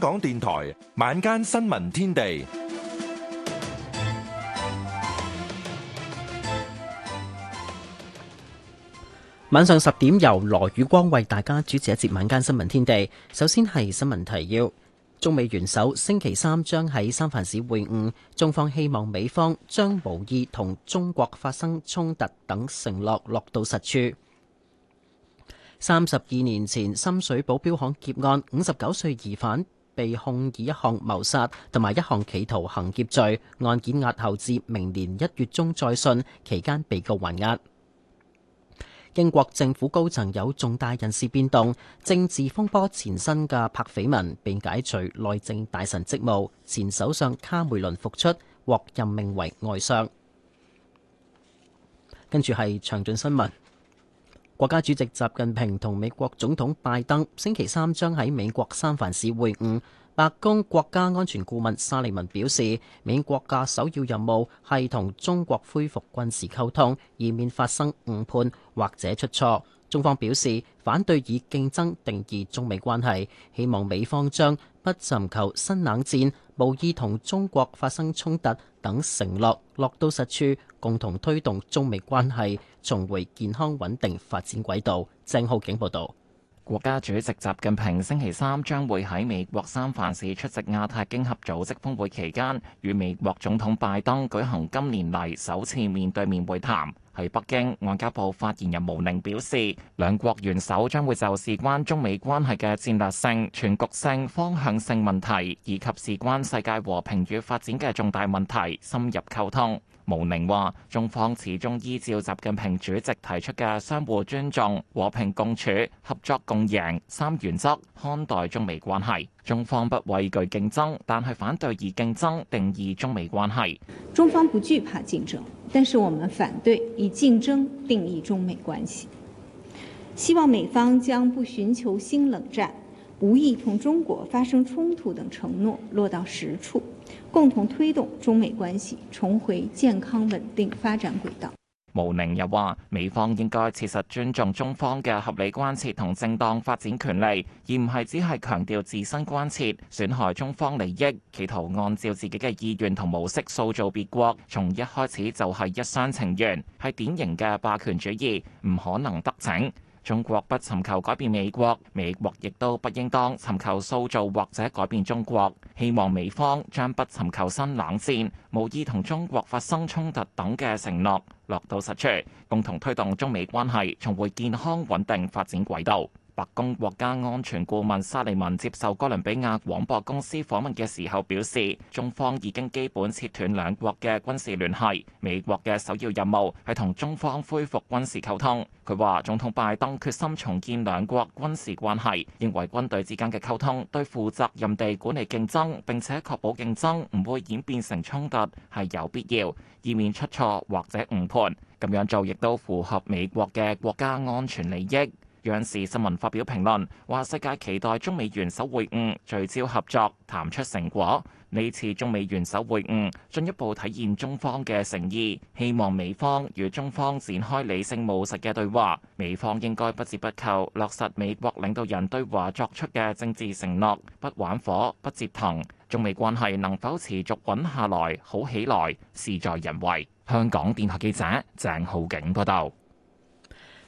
港電台晚間新聞天地，晚上十點由羅宇光為大家主持一節晚間新聞天地。首先係新聞提要：中美元首星期三將喺三藩市會晤，中方希望美方將無意同中國發生衝突等承諾落到實處。三十二年前深水埗鏢行劫案，五十九歲疑犯。被控以一項謀殺同埋一項企圖行劫罪，案件押後至明年一月中再訊，期間被告還押。英國政府高層有重大人事變動，政治風波纏身嘅柏斐文被解除內政大臣職務，前首相卡梅倫復出，獲任命為外相。跟住係詳盡新聞。國家主席習近平同美國總統拜登星期三將喺美國三藩市會晤。白宮國家安全顧問沙利文表示，美國家首要任務係同中國恢復軍事溝通，以免發生誤判或者出錯。中方表示反對以競爭定義中美關係，希望美方將不尋求新冷戰，無意同中國發生衝突等承諾落，落到實處，共同推動中美關係重回健康穩定發展軌道。鄭浩景報道。國家主席習近平星期三將會喺美國三藩市出席亞太經合組織峰會期間，與美國總統拜登舉行今年嚟首次面對面會談。喺北京，外交部發言人毛寧表示，兩國元首將會就事關中美關係嘅戰略性、全局性、方向性問題，以及事關世界和平與發展嘅重大問題深入溝通。毛寧話：中方始終依照習近平主席提出嘅相互尊重、和平共處、合作共贏三原則看待中美關係。中方不畏懼競爭，但係反對以競爭定義中美關係。中方不懼怕競爭，但是我們反對以競爭定義中美關係。希望美方將不尋求新冷戰、無意同中國發生衝突等承諾落到實處，共同推動中美關係重回健康穩定發展軌道。毛寧又話：美方應該切實尊重中方嘅合理關切同正當發展權利，而唔係只係強調自身關切，損害中方利益，企圖按照自己嘅意願同模式塑造別國。從一開始就係一廂情願，係典型嘅霸權主義，唔可能得逞。中國不尋求改變美國，美國亦都不應當尋求塑造或者改變中國。希望美方將不尋求新冷戰、無意同中國發生衝突等嘅承諾落到實處，共同推動中美關係重回健康穩定發展軌道。白宮國家安全顧問沙利文接受哥倫比亞廣播公司訪問嘅時候表示，中方已經基本切斷兩國嘅軍事聯繫，美國嘅首要任務係同中方恢復軍事溝通。佢話，總統拜登決心重建兩國軍事關係，認為軍隊之間嘅溝通對負責任地管理競爭，並且確保競爭唔會演變成衝突係有必要，以免出錯或者誤判。咁樣做亦都符合美國嘅國家安全利益。央視新聞發表評論，話世界期待中美元首會晤，聚焦合作，談出成果。呢次中美元首會晤，進一步體現中方嘅誠意，希望美方與中方展開理性務實嘅對話。美方應該不折不扣落實美國領導人對華作出嘅政治承諾，不玩火，不折騰。中美關係能否持續穩下來、好起來，事在人為。香港電台記者鄭浩景報道。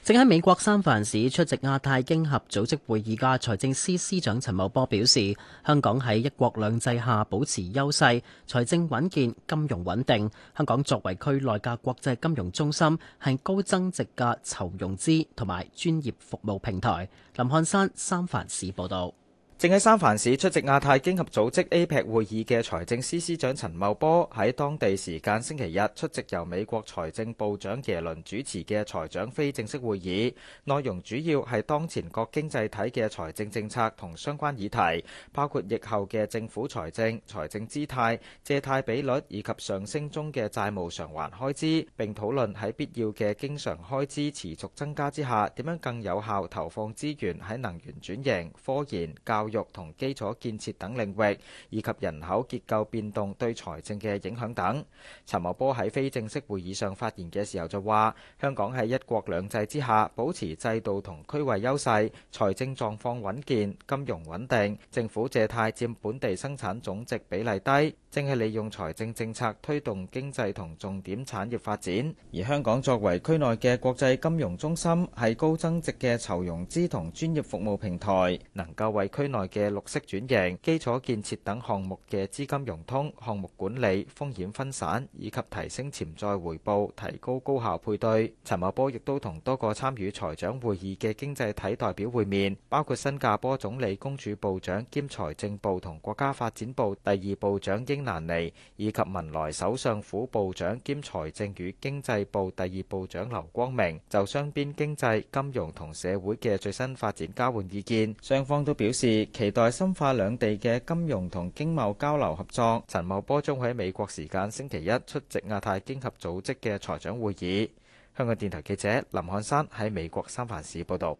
正喺美國三藩市出席亞太經合組織會議嘅財政司司長陳茂波表示，香港喺一國兩制下保持優勢，財政穩健，金融穩定。香港作為區內嘅國際金融中心，係高增值嘅籌融資同埋專業服務平台。林漢山三藩市報導。正喺三藩市出席亞太經合組織 APEC 會議嘅財政司司長陳茂波，喺當地時間星期日出席由美國財政部長耶倫主持嘅財長非正式會議，內容主要係當前各經濟體嘅財政政策同相關議題，包括疫後嘅政府財政、財政姿態、借貸比率以及上升中嘅債務償還開支，並討論喺必要嘅經常開支持續增加之下，點樣更有效投放資源喺能源轉型、科研、教育、育同基礎建設等領域，以及人口結構變動對財政嘅影響等。陳茂波喺非正式會議上發言嘅時候就話：香港喺一國兩制之下，保持制度同區位優勢，財政狀況穩健，金融穩定，政府借貸佔本地生產總值比例低。正係利用財政政策推動經濟同重點產業發展，而香港作為區內嘅國際金融中心，係高增值嘅籌融資同專業服務平台，能夠為區內嘅綠色轉型、基礎建設等項目嘅資金融通、項目管理、風險分散以及提升潛在回報，提高高效配對。陳茂波亦都同多個參與財長會議嘅經濟體代表會面，包括新加坡總理公署部長兼財政部同國家發展部第二部長英難尼以及文萊首相府部長兼財政與經濟部第二部長劉光明就雙邊經濟、金融同社會嘅最新發展交換意見。雙方都表示期待深化兩地嘅金融同經貿交流合作。陳茂波將喺美國時間星期一出席亞太經合組織嘅財長會議。香港電台記者林漢山喺美國三藩市報道。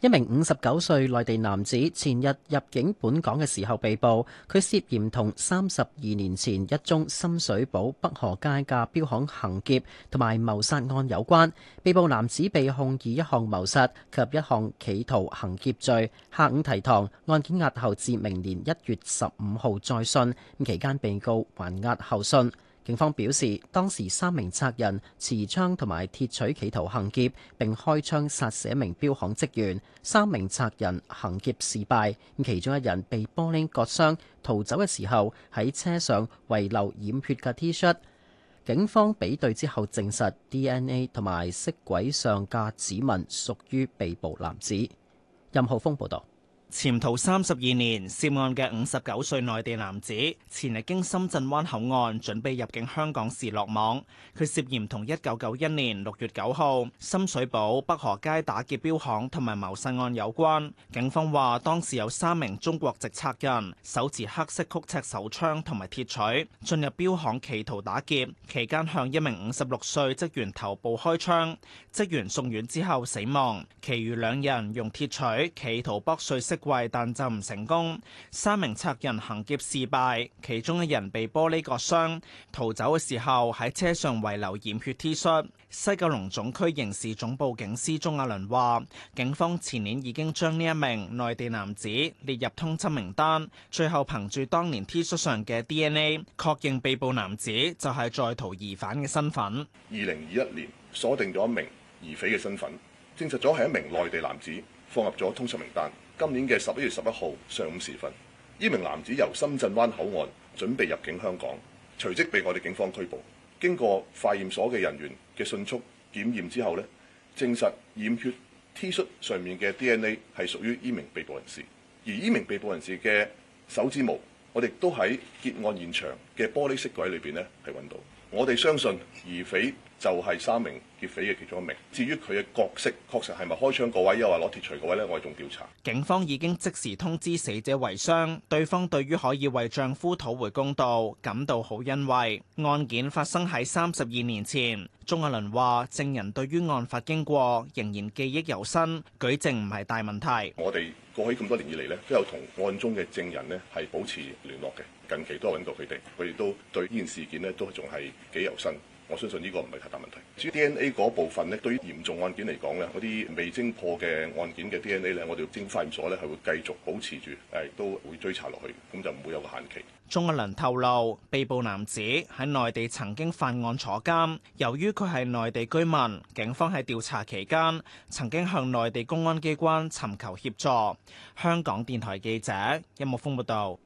一名五十九歲內地男子前日入境本港嘅時候被捕，佢涉嫌同三十二年前一宗深水埗北河街嘅標行行劫同埋謀殺案有關。被捕男子被控以一項謀殺及一項企圖行劫罪。下午提堂，案件押後至明年一月十五號再訊。咁期間，被告還押候訊。警方表示，當時三名賊人持槍同埋鐵錘企圖行劫，並開槍殺死一名標行職員。三名賊人行劫事敗，其中一人被玻璃割傷，逃走嘅時候喺車上遺留染血嘅 T 恤。警方比對之後證實 DNA 同埋色鬼上架指紋屬於被捕男子。任浩峰報道。潛逃三十二年涉案嘅五十九歲內地男子，前日經深圳灣口岸準備入境香港時落網。佢涉嫌同一九九一年六月九號深水埗北河街打劫標行同埋謀殺案有關。警方話，當時有三名中國籍賊人手持黑色曲尺手槍同埋鐵錘，進入標行企圖打劫，期間向一名五十六歲職員頭部開槍，職員送院之後死亡。其餘兩人用鐵錘企圖剝碎色。貴但就唔成功，三名賊人行劫事敗，其中一人被玻璃割傷，逃走嘅時候喺車上遺留染血 T 恤。西九龍總區刑事總部警司鍾亞倫話，警方前年已經將呢一名內地男子列入通緝名單，最後憑住當年 T 恤上嘅 DNA 確認被捕男子就係在逃疑犯嘅身份。二零二一年鎖定咗一名疑匪嘅身份，證實咗係一名內地男子，放入咗通緝名單。今年嘅十一月十一號上午時分，呢名男子由深圳灣口岸準備入境香港，隨即被我哋警方拘捕。經過化驗所嘅人員嘅迅速檢驗之後呢，證實染血 T 恤上面嘅 DNA 係屬於呢名被捕人士。而呢名被捕人士嘅手指毛，我哋都喺結案現場嘅玻璃飾櫃裏邊呢係揾到。我哋相信疑匪，就係三名劫匪嘅其中一名。至於佢嘅角色，確實係咪開槍嗰位，又話攞鐵錘嗰位呢？我哋仲調查。警方已經即時通知死者遺孀，對方對於可以為丈夫討回公道，感到好欣慰。案件發生喺三十二年前，鍾亞倫話證人對於案發經過仍然記憶猶新，舉證唔係大問題。我哋過去咁多年以嚟咧，都有同案中嘅證人咧係保持聯絡嘅。近期都揾到佢哋，佢哋都對呢件事件咧都仲係幾猶新。我相信呢個唔係太大問題。至於 DNA 嗰部分咧，對於嚴重案件嚟講咧，嗰啲未偵破嘅案件嘅 DNA 咧，我哋化驗所咧係會繼續保持住，誒都會追查落去，咁就唔會有個限期。鍾愛麟透露，被捕男子喺內地曾經犯案坐監，由於佢係內地居民，警方喺調查期間曾經向內地公安機關尋求協助。香港電台記者殷木豐報道。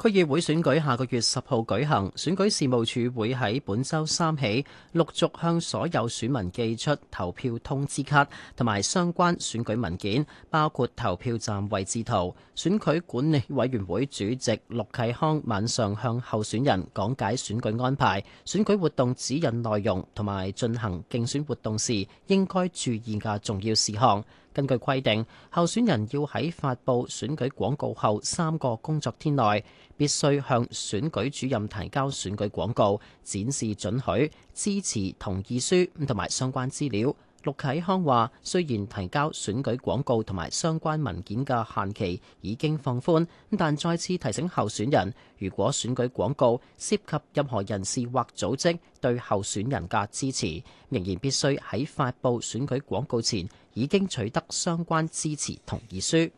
區議會選舉下個月十號舉行，選舉事務處會喺本周三起陸續向所有選民寄出投票通知卡同埋相關選舉文件，包括投票站位置圖。選舉管理委員會主席陸啟康晚上向候選人講解選舉安排、選舉活動指引內容同埋進行競選活動時應該注意嘅重要事項。根據規定，候選人要喺發布選舉廣告後三個工作天內，必須向選舉主任提交選舉廣告，展示准許、支持同意書，同埋相關資料。陸啟康話：雖然提交選舉廣告同埋相關文件嘅限期已經放寬，但再次提醒候選人，如果選舉廣告涉及任何人士或組織對候選人嘅支持，仍然必須喺發布選舉廣告前已經取得相關支持同意書。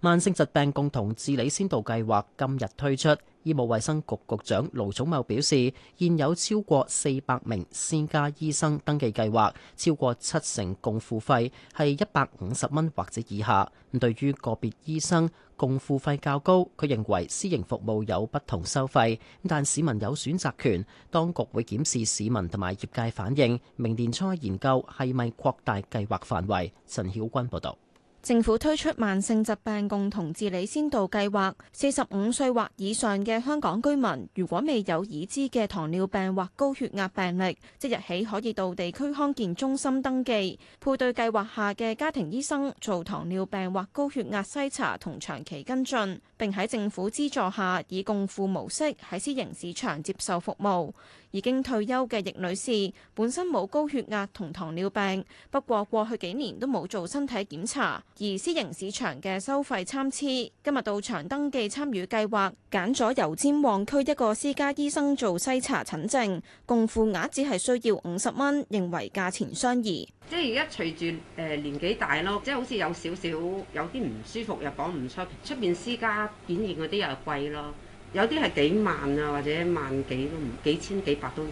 慢性疾病共同治理先導計劃今日推出。醫務衛生局局長盧寵茂表示，現有超過四百名私家醫生登記計劃，超過七成共付費係一百五十蚊或者以下。咁對於個別醫生共付費較高，佢認為私營服務有不同收費，但市民有選擇權。當局會檢視市民同埋業界反應，明年初研究係咪擴大計劃範圍。陳曉君報導。政府推出慢性疾病共同治理先導計劃，四十五歲或以上嘅香港居民，如果未有已知嘅糖尿病或高血壓病歷，即日起可以到地區康健中心登記配對計劃下嘅家庭醫生做糖尿病或高血壓篩查同長期跟進，並喺政府資助下以共付模式喺私營市場接受服務。已經退休嘅易女士本身冇高血壓同糖尿病，不過過去幾年都冇做身體檢查。而私營市場嘅收費參差，今日到場登記參與計劃，揀咗油尖旺區一個私家醫生做篩查診症，共付額只係需要五十蚊，認為價錢相宜。即係而家隨住誒年紀大咯，即係好似有少少有啲唔舒服又講唔出，出邊私家檢驗嗰啲又係貴咯，有啲係幾萬啊或者萬幾都唔幾千幾百都有。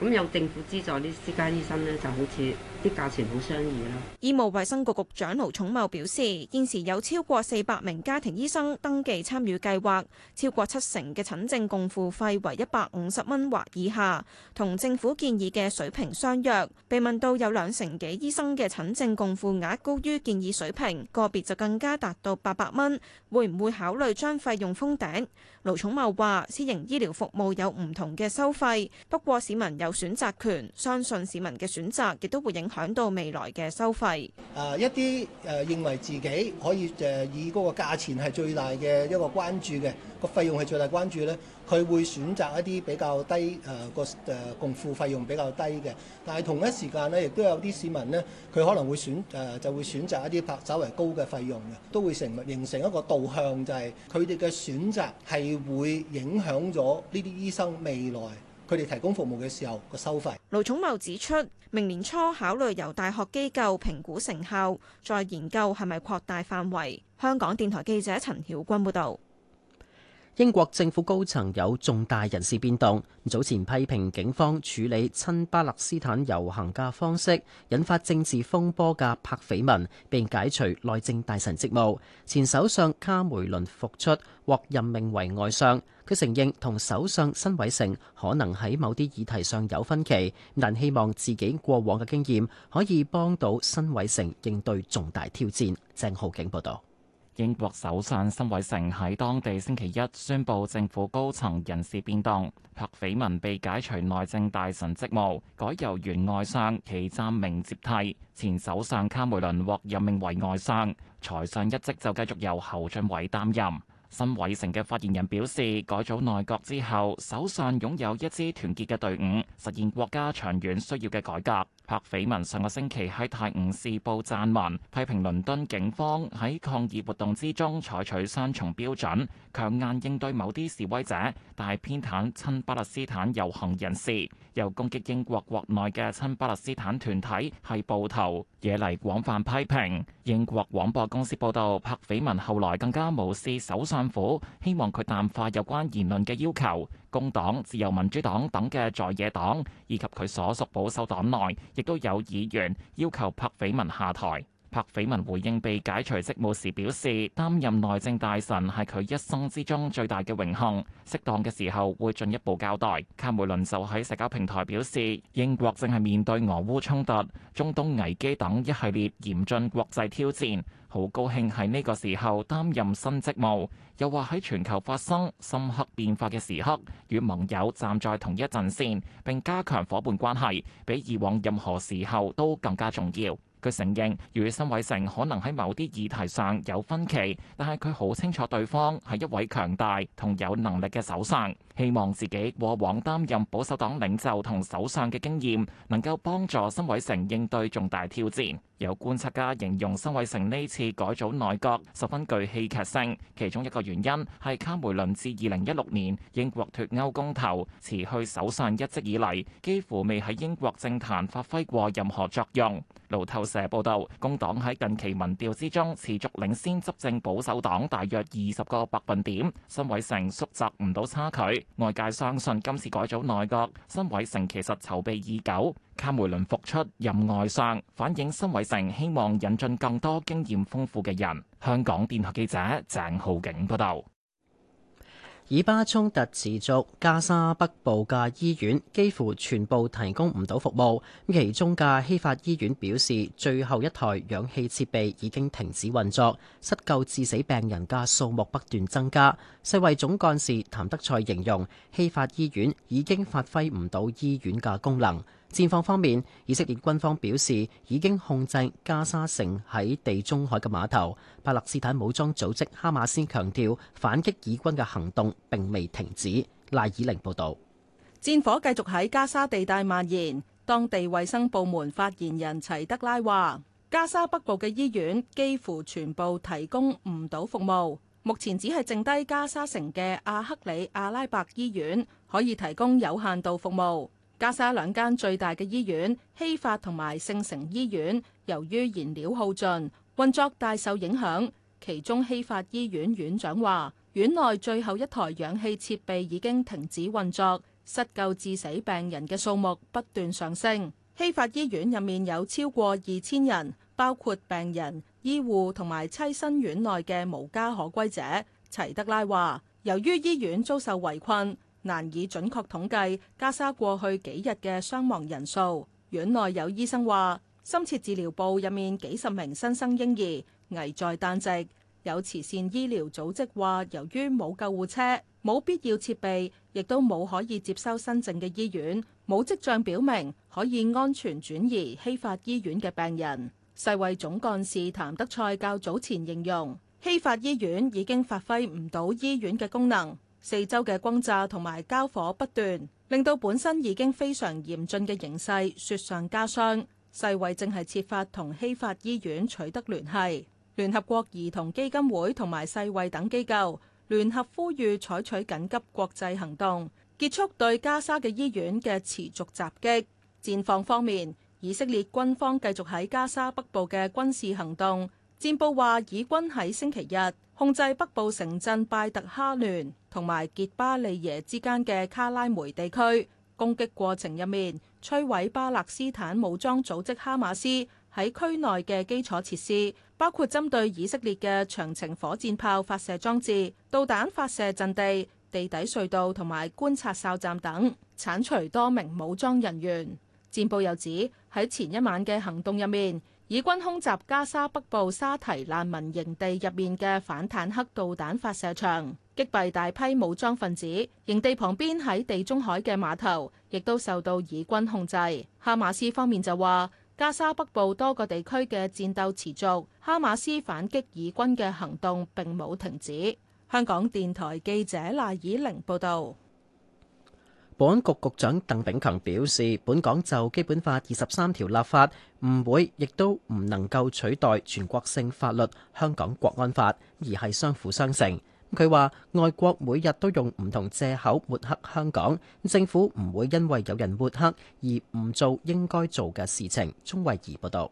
咁有政府資助啲私家醫生咧就好似。啲價錢好相宜啦。醫務衛生局局長盧寵茂表示，現時有超過四百名家庭醫生登記參與計劃，超過七成嘅診症共付費為一百五十蚊或以下，同政府建議嘅水平相若。被問到有兩成幾醫生嘅診症共付額高於建議水平，個別就更加達到八百蚊，會唔會考慮將費用封頂？盧寵茂話，私營醫療服務有唔同嘅收費，不過市民有選擇權，相信市民嘅選擇亦都會影響。響到未來嘅收費。誒一啲誒，認為自己可以誒，以嗰個價錢係最大嘅一個關注嘅個費用係最大關注咧，佢會選擇一啲比較低誒個誒共付費用比較低嘅。但係同一時間咧，亦都有啲市民咧，佢可能會選誒、呃、就會選擇一啲稍為高嘅費用嘅，都會成形成一個導向，就係佢哋嘅選擇係會影響咗呢啲醫生未來。佢哋提供服務嘅時候個收費。盧寵茂指出，明年初考慮由大學機構評估成效，再研究係咪擴大範圍。香港電台記者陳曉君報導。英國政府高層有重大人事變動，早前批評警方處理親巴勒斯坦遊行嘅方式，引發政治風波嘅帕斐文並解除內政大臣職務。前首相卡梅倫復出，獲任命為外相。佢承認同首相辛偉誠可能喺某啲議題上有分歧，但希望自己過往嘅經驗可以幫到辛偉誠應對重大挑戰。鄭浩景報道：「英國首相辛偉誠喺當地星期一宣布政府高層人事變動，柏斐文被解除內政大臣職務，改由原外相祁湛明接替。前首相卡梅倫獲任命為外相，財相一職就繼續由侯俊偉擔任。辛偉誠嘅發言人表示，改組內閣之後，手上擁有一支團結嘅隊伍，實現國家長遠需要嘅改革。柏斐文上個星期喺泰晤士報撰文，批評倫敦警方喺抗議活動之中採取雙重標準，強硬應對某啲示威者，但係偏袒親巴勒斯坦遊行人士，又攻擊英國國內嘅親巴勒斯坦團體係暴徒，惹嚟廣泛批評。英國廣播公司報道，柏斐文後來更加無視首相府希望佢淡化有關言論嘅要求，工黨、自由民主黨等嘅在野黨以及佢所屬保守黨內。亦都有議員要求柏緋聞下台。柏緋聞回應被解除職務時，表示擔任內政大臣係佢一生之中最大嘅榮幸，適當嘅時候會進一步交代。卡梅倫就喺社交平台表示，英國正係面對俄烏衝突、中東危機等一系列嚴峻國際挑戰，好高興喺呢個時候擔任新職務，又話喺全球發生深刻變化嘅時刻，與盟友站在同一陣線並加強伙伴關係，比以往任何時候都更加重要。佢承認與新偉成可能喺某啲議題上有分歧，但係佢好清楚對方係一位強大同有能力嘅首相，希望自己過往擔任保守黨領袖同首相嘅經驗，能夠幫助新偉成應對重大挑戰。有觀察家形容辛偉誠呢次改組內閣十分具戲劇性，其中一個原因係卡梅倫自二零一六年英國脱歐公投辭去首相一職以嚟，幾乎未喺英國政壇發揮過任何作用。路透社報導，工黨喺近期民調之中持續領先執政保守黨大約二十個百分點，辛偉誠縮窄唔到差距。外界相信今次改組內閣，辛偉誠其實籌備已久。卡梅倫復出任外相，反映辛偉誠希望引進更多經驗豐富嘅人。香港電台記者鄭浩景報導，以巴衝突持續，加沙北部嘅醫院幾乎全部提供唔到服務。咁，其中嘅希法醫院表示，最後一台氧氣設備已經停止運作，失救致死病人嘅數目不斷增加。世衛總幹事譚德賽形容希法醫院已經發揮唔到醫院嘅功能。戰況方面，以色列軍方表示已經控制加沙城喺地中海嘅碼頭。巴勒斯坦武裝組織哈馬斯強調，反擊以軍嘅行動並未停止。賴以寧報道，戰火繼續喺加沙地帶蔓延。當地衛生部門發言人齊德拉話，加沙北部嘅醫院幾乎全部提供唔到服務，目前只係剩低加沙城嘅阿克里阿拉伯醫院可以提供有限度服務。加沙兩間最大嘅醫院希法同埋聖城醫院，由於燃料耗盡，運作大受影響。其中希法醫院院長話，院內最後一台氧氣設備已經停止運作，失救致死病人嘅數目不斷上升。希法醫院入面有超過二千人，包括病人、醫護同埋棲身院內嘅無家可歸者。齊德拉話，由於醫院遭受圍困，難以準確統計加沙過去幾日嘅傷亡人數。院內有醫生話，深切治療部入面幾十名新生嬰兒危在旦夕。有慈善醫療組織話，由於冇救護車、冇必要設備，亦都冇可以接收新症嘅醫院，冇跡象表明可以安全轉移希法醫院嘅病人。世衛總幹事譚德塞較早前形容，希法醫院已經發揮唔到醫院嘅功能。四周嘅轟炸同埋交火不斷，令到本身已經非常嚴峻嘅形勢雪上加霜。世衛正係設法同希法醫院取得聯繫。聯合國兒童基金會同埋世衛等機構聯合呼籲採取緊急國際行動，結束對加沙嘅醫院嘅持續襲擊。戰況方面，以色列軍方繼續喺加沙北部嘅軍事行動。戰報話以軍喺星期日，控制北部城鎮拜特哈聯同埋杰巴利耶之間嘅卡拉梅地區，攻擊過程入面摧毀巴勒斯坦武裝組織哈馬斯喺區內嘅基礎設施，包括針對以色列嘅長程火箭炮發射裝置、導彈發射陣地、地底隧道同埋觀察哨站等，鏟除多名武裝人員。戰報又指喺前一晚嘅行動入面。以軍空襲加沙北部沙提難民營地入面嘅反坦克導彈發射場，擊斃大批武裝分子。營地旁邊喺地中海嘅碼頭亦都受到以軍控制。哈馬斯方面就話，加沙北部多個地區嘅戰鬥持續，哈馬斯反擊以軍嘅行動並冇停止。香港電台記者賴以玲報道。保安局局長鄧炳強表示，本港就《基本法》二十三條立法，唔會亦都唔能夠取代全國性法律《香港國安法》，而係相輔相成。佢話，外國每日都用唔同借口抹黑香港，政府唔會因為有人抹黑而唔做應該做嘅事情。鍾慧儀報道。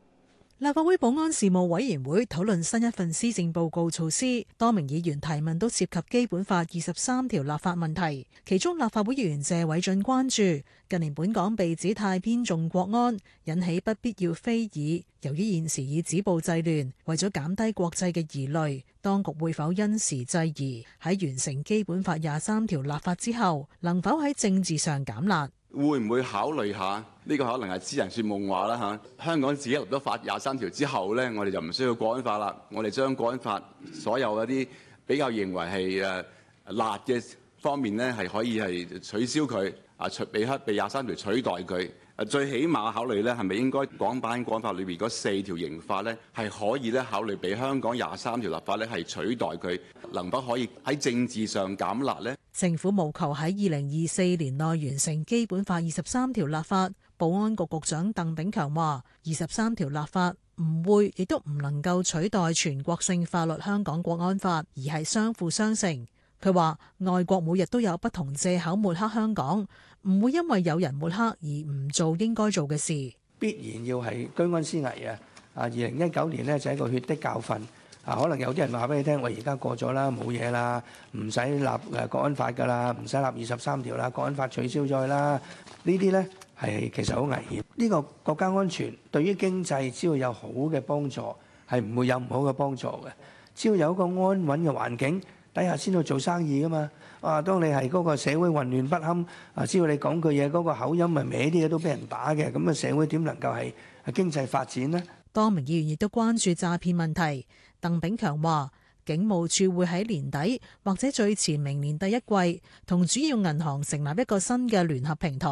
立法會保安事務委員會討論新一份施政報告措施，多名議員提問都涉及基本法二十三條立法問題，其中立法會議員謝偉俊關注近年本港被指太偏重國安，引起不必要非議。由於現時已止暴制亂，為咗減低國際嘅疑慮，當局會否因時制宜喺完成基本法廿三條立法之後，能否喺政治上減辣？會唔會考慮下呢、呢個可能係痴人說夢話啦、啊、香港自己立咗法廿三條之後咧，我哋就唔需要《國安法》啦。我哋將《國安法》所有一啲比較認為係辣嘅方面咧，係可以取消佢啊，被黑被廿三條取代佢。最起碼考慮呢，係咪應該港版《國安法》裏面嗰四條刑法呢？係可以咧考慮俾香港廿三條立法呢，係取代佢，能否可以喺政治上減辣呢？政府務求喺二零二四年內完成《基本法》二十三條立法，保安局局長鄧炳強話：二十三條立法唔會，亦都唔能夠取代全國性法律《香港國安法》，而係相輔相成。佢話：外國每日都有不同藉口抹黑香港，唔會因為有人抹黑而唔做應該做嘅事。必然要係居安思危啊！啊，二零一九年呢就係一個血的教訓啊！可能有啲人話俾你聽：我而家過咗啦，冇嘢啦，唔使立誒國安法㗎啦，唔使立二十三條啦，國安法取消咗啦。呢啲呢係其實好危險。呢個國家安全對於經濟只要有好嘅幫助，係唔會有唔好嘅幫助嘅。只要有一個安穩嘅環境底下先去做生意噶嘛？啊！當你係嗰個社會混亂不堪啊，只要你講句嘢，嗰個口音咪歪啲嘅都俾人打嘅。咁啊，社會點能夠係經濟發展呢？多名議員亦都關注詐騙問題。鄧炳強話，警務處會喺年底或者最遲明年第一季同主要銀行成立一個新嘅聯合平台。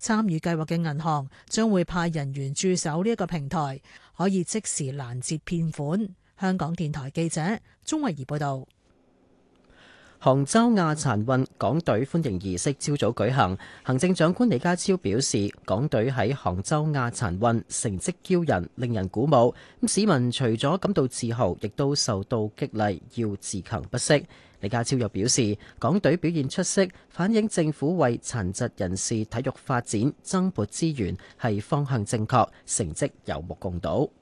參與計劃嘅銀行將會派人員駐守呢一個平台，可以即時攔截騙款。香港電台記者鍾慧儀報導。杭州亞殘運港隊歡迎儀式朝早舉行，行政長官李家超表示，港隊喺杭州亞殘運成績驕人，令人鼓舞。市民除咗感到自豪，亦都受到激勵，要自強不息。李家超又表示，港隊表現出色，反映政府為殘疾人士體育發展增撥資源，係方向正確，成績有目共睹。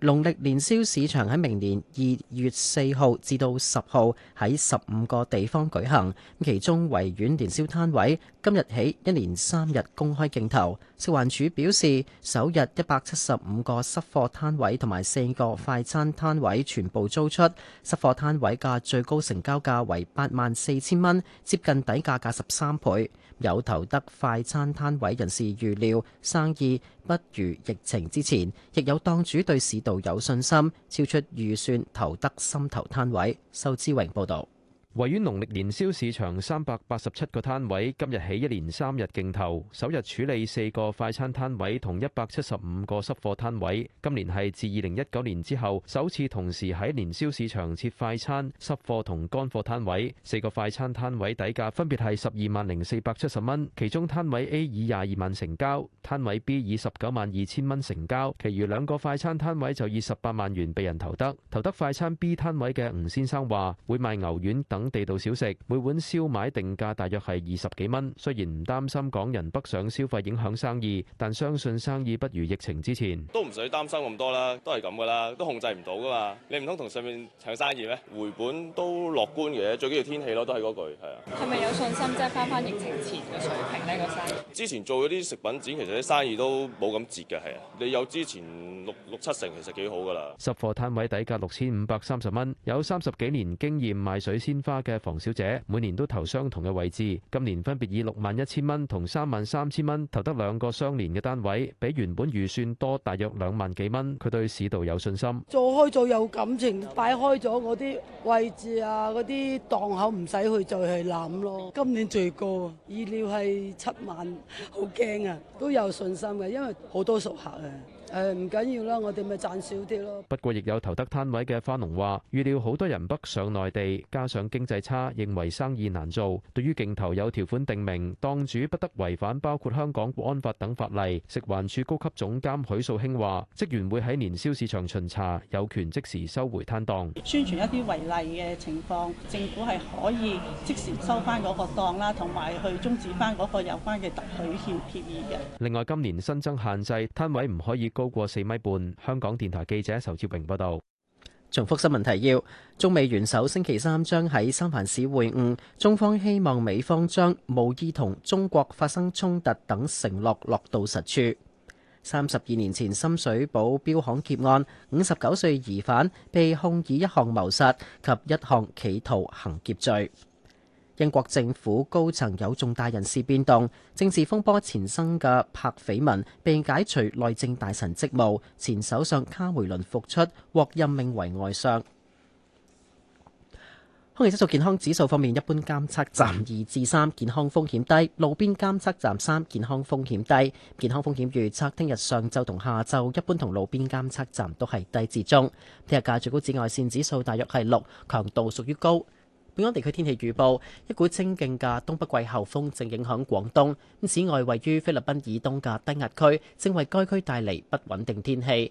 農曆年宵市場喺明年二月四號至到十號喺十五個地方舉行。其中維園年宵攤位今日起一連三日公開競投。食環署表示，首日一百七十五個濕貨攤位同埋四個快餐攤位全部租出，濕貨攤位價最高成交價為八萬四千蚊，接近底價價十三倍。有投得快餐攤位人士預料生意不如疫情之前，亦有檔主對市道有信心，超出預算投得心頭攤位。收之榮報道。位於農曆新市場三百八十七個攤位，今日起一連三日競投，首日處理四個快餐攤位同一百七十五個濕貨攤位。今年係自二零一九年之後首次同時喺年宵市場設快餐、濕貨同乾貨攤位。四個快餐攤位底價分別係十二萬零四百七十蚊，其中攤位 A 以廿二萬成交，攤位 B 以十九萬二千蚊成交，其餘兩個快餐攤位就以十八萬元被人投得。投得快餐 B 攤位嘅吳先生話：會賣牛丸等。地道小食，每碗燒賣定價大約係二十幾蚊。雖然唔擔心港人北上消費影響生意，但相信生意不如疫情之前。都唔使擔心咁多啦，都係咁噶啦，都控制唔到噶嘛你唔通同上面搶生意咩？回本都樂觀嘅，最緊要天氣咯，都係嗰句係啊。係咪有信心即係翻翻疫情前嘅水平呢？個生意？之前做嗰啲食品展，其實啲生意都冇咁折嘅，係啊。你有之前六六七成，其實幾好噶啦。十貨攤位底價六千五百三十蚊，有三十幾年經驗賣水仙花，嘅房小姐每年都投相同嘅位置，今年分別以六萬一千蚊同三萬三千蚊投得兩個相連嘅單位，比原本預算多大約兩萬幾蚊。佢對市道有信心，做開做有感情，擺開咗嗰啲位置啊，嗰啲檔口唔使去再去攬咯。今年最高啊意料係七萬，好驚啊！都有信心嘅，因為好多熟客啊。誒唔緊要啦，我哋咪賺少啲咯。不過亦有投得攤位嘅花農話，預料好多人北上內地，加上經濟差，認為生意難做。對於競投有條款訂明，檔主不得違反包括香港《國安法》等法例。食環署高級總監許素卿話，職員會喺年宵市場巡查，有權即時收回攤檔。宣傳一啲違例嘅情況，政府係可以即時收翻嗰個檔啦，同埋去終止翻嗰個有關嘅特許協協議嘅。另外，今年新增限制，攤位唔可以高超過四米半。香港電台記者仇志榮報道。重複新聞提要：中美元首星期三將喺三藩市會晤，中方希望美方將無意同中國發生衝突等承諾落到實處。三十二年前，深水埗標行劫案，五十九歲疑犯被控以一項謀殺及一項企圖行劫罪。英國政府高層有重大人事變動，政治風波前生嘅柏緋聞被解除內政大臣職務，前首相卡梅倫復出獲任命為外相。空氣質素健康指數方面，一般監測站二至三，健康風險低；路邊監測站三，健康風險低。健康風險預測，聽日上晝同下晝一般同路邊監測站都係低至中。聽日嘅最高紫外線指數大約係六，強度屬於高。本港地區天氣預報，一股清勁嘅東北季候風正影響廣東。此外，位於菲律賓以東嘅低壓區，正為該區帶嚟不穩定天氣。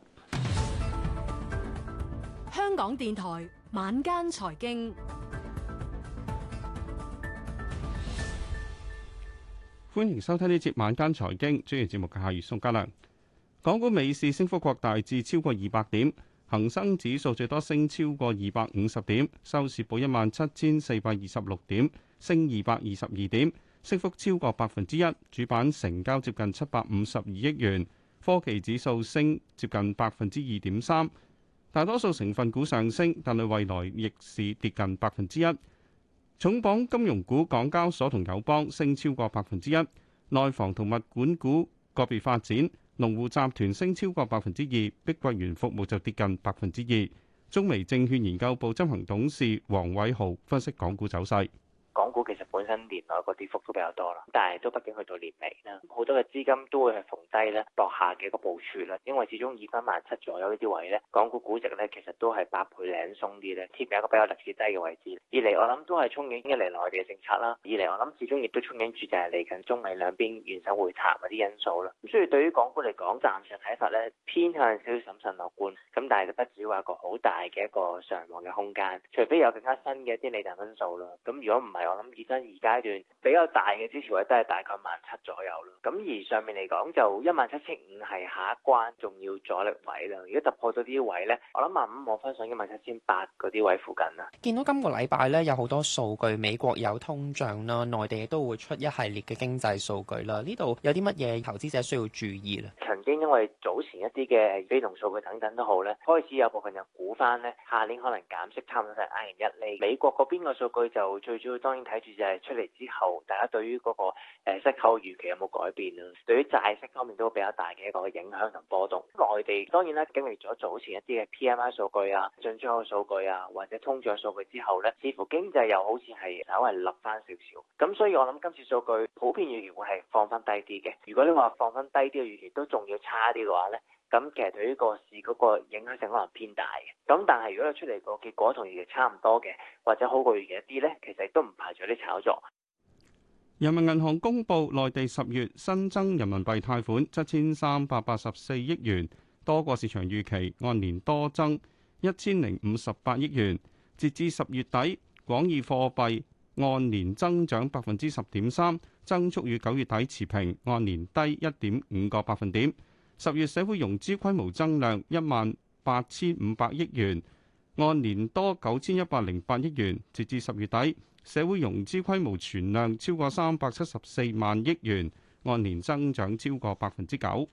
香港電台晚間財經，歡迎收聽呢節晚間財經專業節目嘅夏雨宋嘉良。港股美市升幅擴大至超過二百點，恒生指數最多升超過二百五十點，收市報一萬七千四百二十六點，升二百二十二點，升幅超過百分之一。主板成交接近七百五十二億元。科技指數升接近百分之二點三，大多數成分股上升，但係未來亦是跌近百分之一。重磅金融股港交所同友邦升超過百分之一，內房同物管股個別發展，農戶集團升超過百分之二，碧桂園服務就跌近百分之二。中微證券研究部執行董事黃偉豪分析港股走勢。港股其實本身年內個跌幅都比較多啦，但係都畢竟去到年尾啦，好多嘅資金都會係逢低咧落下嘅一個部署啦。因為始終二分萬七左右呢啲位咧，港股估值咧其實都係八倍零鬆啲咧，貼住一個比較歷史低嘅位置。二嚟我諗都係憧憬一嚟內地嘅政策啦，二嚟我諗始終亦都憧憬住就係嚟緊中美兩邊元首會談嗰啲因素啦。咁所以對於港股嚟講，暫時睇法咧偏向少少審慎樂觀，咁但係就不至於話個好大嘅一個上望嘅空間，除非有更加新嘅一啲利淡因素咯。咁如果唔係，我諗而家二階段比較大嘅支持位都係大概萬七左右啦。咁而上面嚟講就一萬七千五係下一關，重要阻力位啦。如果突破到呢啲位咧，我諗萬五望翻上一萬七千八嗰啲位附近啦。見到今個禮拜咧有好多數據，美國有通脹啦，內地都會出一系列嘅經濟數據啦。呢度有啲乜嘢投資者需要注意咧？曾經因為早前一啲嘅非農數據等等都好咧，開始有部分人估翻咧，下年可能減息差唔多係零點一厘。美國嗰邊個數據就最主要當。當然睇住就係出嚟之後，大家對於嗰個誒息口預期有冇改變啊？對於債息方面都比較大嘅一個影響同波動。內地當然啦，經歷咗早前一啲嘅 PMI 數據啊、進出口數據啊或者通脹數據之後呢，似乎經濟又好似係稍微立翻少少。咁所以我諗今次數據普遍預期會係放翻低啲嘅。如果你話放翻低啲嘅預期都仲要差啲嘅話呢。咁其實對呢個市嗰個影響性可能偏大嘅，咁但係如果你出嚟個結果同預期差唔多嘅，或者好過預期一啲呢，其實都唔排除啲炒作。人民銀行公布，內地十月新增人民幣貸款七千三百八十四億元，多過市場預期，按年多增一千零五十八億元。截至十月底，廣義貨幣按年增長百分之十點三，增速與九月底持平，按年低一點五個百分點。十月社會融資規模增量一萬八千五百億元，按年多九千一百零八億元。截至十月底，社會融資規模存量超過三百七十四萬億元，按年增長超過百分之九。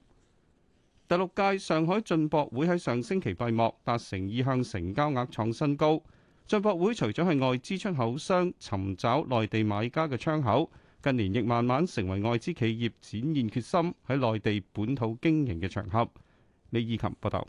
第六屆上海進博會喺上星期閉幕，達成意向成交額創新高。進博會除咗係外資出口商尋找內地買家嘅窗口。近年亦慢慢成為外資企業展現決心喺內地本土經營嘅場合。李伊琴報道，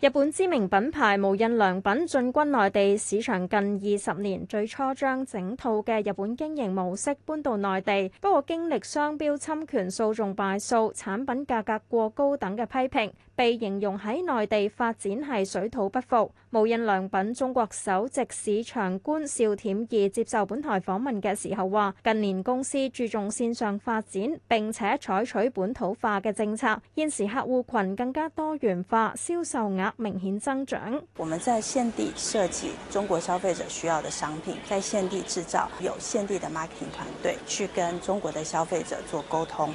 日本知名品牌無印良品進軍內地市場近二十年，最初將整套嘅日本經營模式搬到內地，不過經歷商標侵權、訴訟、敗訴、產品價格過高等嘅批評。被形容喺內地發展係水土不服，無印良品中國首席市場官邵添怡接受本台訪問嘅時候話：近年公司注重線上發展，並且採取本土化嘅政策，現時客戶群更加多元化，銷售額明顯增長。我們在現地設計中國消費者需要的商品，在現地製造，有現地的 marketing 團隊去跟中國的消費者做溝通。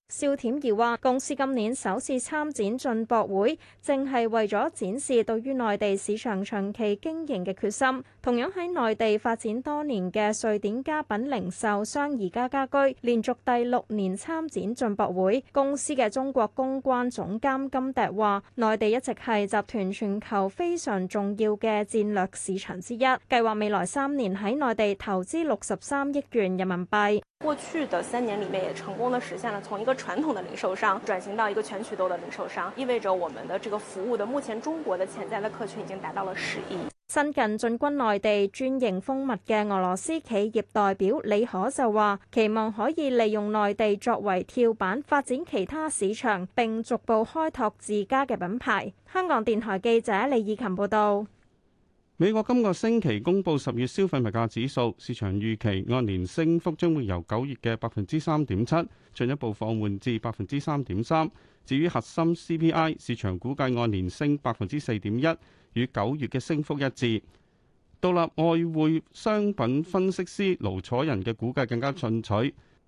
邵恬怡話：公司今年首次參展進博會，正係為咗展示對於內地市場長期經營嘅決心。同樣喺內地發展多年嘅瑞典家品零售商宜家家居，連續第六年參展進博會。公司嘅中國公關總監金笛話：內地一直係集團全球非常重要嘅戰略市場之一，計劃未來三年喺內地投資六十三億元人民幣。過去的三年裏面，也成功地實現了從一個傳統的零售商轉型到一個全渠道的零售商，意味着我們的這個服務的目前中國的潛在的客群已經達到了十億。新近進軍內地專營蜂蜜嘅俄羅斯企業代表李可就話，期望可以利用內地作為跳板發展其他市場，並逐步開拓自家嘅品牌。香港電台記者李以琴報道。美國今個星期公布十月消費物價指數，市場預期按年升幅將會由九月嘅百分之三點七進一步放緩至百分之三點三。至於核心 CPI，市場估計按年升百分之四點一，與九月嘅升幅一致。獨立外匯商品分析師盧楚仁嘅估計更加進取，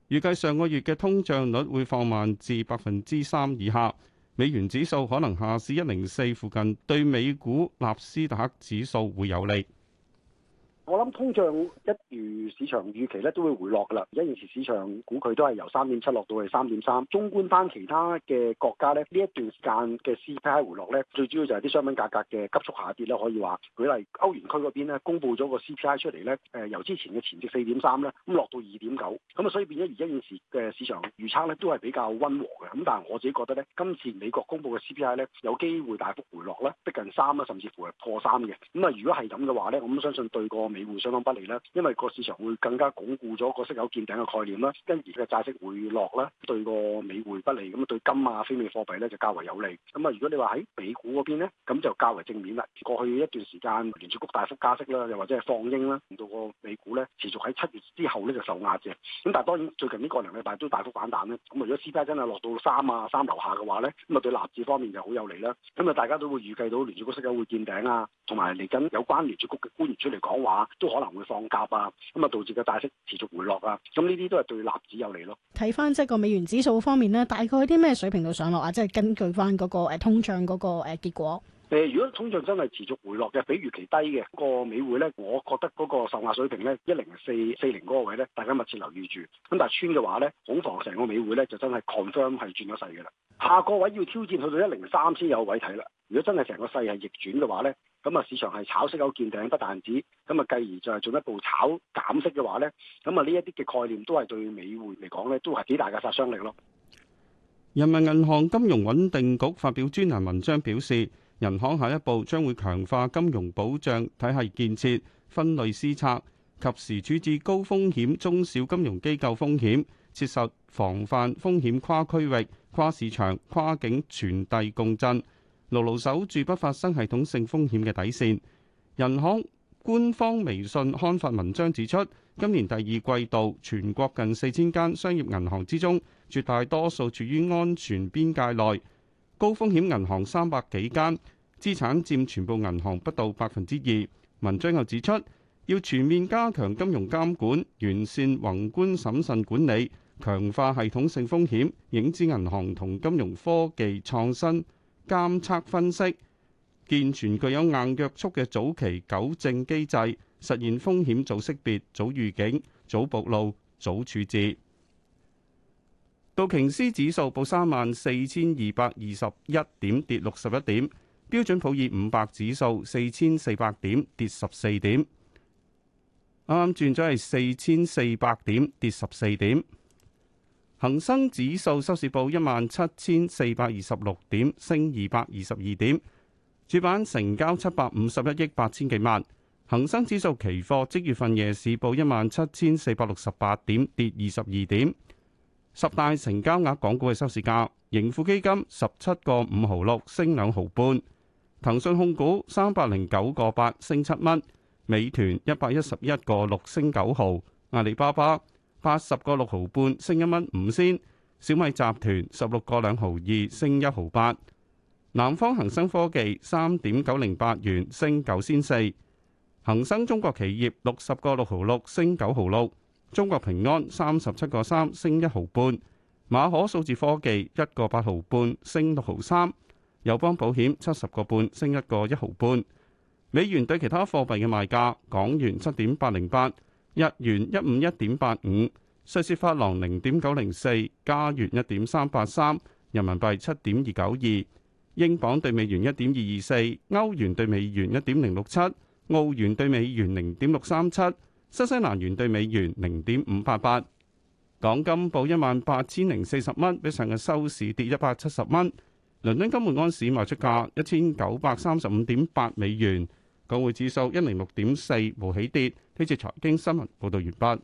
預計上個月嘅通脹率會放慢至百分之三以下。美元指數可能下市一零四附近，對美股納斯達克指數會有利。我諗通脹一如市場預期咧，都會回落噶啦。而家現時市場估佢都係由三點七落到去三點三。中觀翻其他嘅國家咧，呢一段時間嘅 CPI 回落咧，最主要就係啲商品價格嘅急速下跌啦。可以話，舉例歐元區嗰邊咧，公布咗個 CPI 出嚟咧，誒、呃、由之前嘅前值四點三咧，咁、嗯、落到二點九，咁、嗯、啊所以變咗而家現時嘅市場預測咧，都係比較溫和嘅。咁、嗯、但係我自己覺得咧，今次美國公布嘅 CPI 咧，有機會大幅回落咧，逼近三啦，甚至乎係破三嘅。咁啊、嗯、如果係咁嘅話咧，我諗相信對個美匯相當不利啦，因為個市場會更加鞏固咗個息口見頂嘅概念啦，跟住個債息回落啦，對個美匯不利，咁啊對金啊非美貨幣咧就較為有利。咁啊如果你話喺美股嗰邊咧，咁就較為正面啦。過去一段時間聯儲局大幅加息啦，又或者係放鷹啦，令到個美股咧持續喺七月之後咧就受壓嘅。咁但係當然最近呢個兩禮拜都大幅反彈咧。咁啊如果 CPI 真係落到三啊三樓下嘅話咧，咁啊對納指方面就好有利啦。咁啊大家都會預計到聯儲局息口會見頂啊，同埋嚟緊有關聯儲局嘅官員出嚟講話。都可能會放鴿啊，咁啊導致個大息持續回落啊，咁呢啲都係對納指有利咯。睇翻即係個美元指數方面咧，大概啲咩水平度上落啊？即係根據翻嗰個通脹嗰個誒結果。誒，如果通脹真係持續回落嘅，比預期低嘅個美匯咧，我覺得嗰個受壓水平咧一零四四零嗰個位咧，大家密切留意住。咁但係穿嘅話咧，恐防成個美匯咧就真係 confirm 係轉咗勢嘅啦。下個位要挑戰去到一零三先有位睇啦。如果真係成個勢係逆轉嘅話咧。咁啊，市場係炒息有見頂不但止，咁啊，繼而再進一步炒減息嘅話咧，咁啊，呢一啲嘅概念都係對美匯嚟講咧，都係幾大嘅殺傷力咯。人民銀行金融穩定局發表專欄文章表示，人行下一步將會強化金融保障體系建設分類施策，及時處置高風險中小金融機構風險，切實防範風險跨區域、跨市場、跨境傳遞共振。牢牢守住不發生系統性風險嘅底線。人行官方微信刊發文章指出，今年第二季度全國近四千間商業銀行之中，絕大多數處於安全邊界內，高風險銀行三百幾間，資產佔全部銀行不到百分之二。文章又指出，要全面加強金融監管，完善宏觀審慎管理，強化系統性風險，影子銀行同金融科技創新。監測分析，健全具有硬約束嘅早期糾正機制，實現風險早識別、早預警、早暴露、早處置。道瓊斯指數報三萬四千二百二十一點，跌六十一點；標準普爾五百指數四千四百點，跌十四點。啱啱轉咗係四千四百點，跌十四點。恒生指數收市報一萬七千四百二十六點，升二百二十二點。主板成交七百五十一億八千幾萬。恒生指數期貨即月份夜市報一萬七千四百六十八點，跌二十二點。十大成交額港股嘅收市價，盈富基金十七個五毫六，升兩毫半。騰訊控股三百零九個八，升七蚊。美團一百一十一個六，升九毫。阿里巴巴八十個六毫半，5，升一蚊五仙。小米集團十六個兩毫二，升一毫八。南方恒生科技三點九零八元，升九仙四。恒生中國企業六十個六毫六，升九毫六。中國平安三十七個三，升一毫半。馬可數字科技一個八毫半，升六毫三。友邦保險七十個半，升一個一毫半。美元兌其他貨幣嘅賣價，港元七點八零八。日元一五一點八五，瑞士法郎零點九零四，加元一點三八三，人民幣七點二九二，英鎊對美元一點二二四，歐元對美元一點零六七，澳元對美元零點六三七，新西蘭元對美元零點五八八。港金報一萬八千零四十蚊，比上日收市跌一百七十蚊。倫敦金門安市賣出價一千九百三十五點八美元。港匯指數一零六點四，無起跌。呢次財經新聞報道完畢。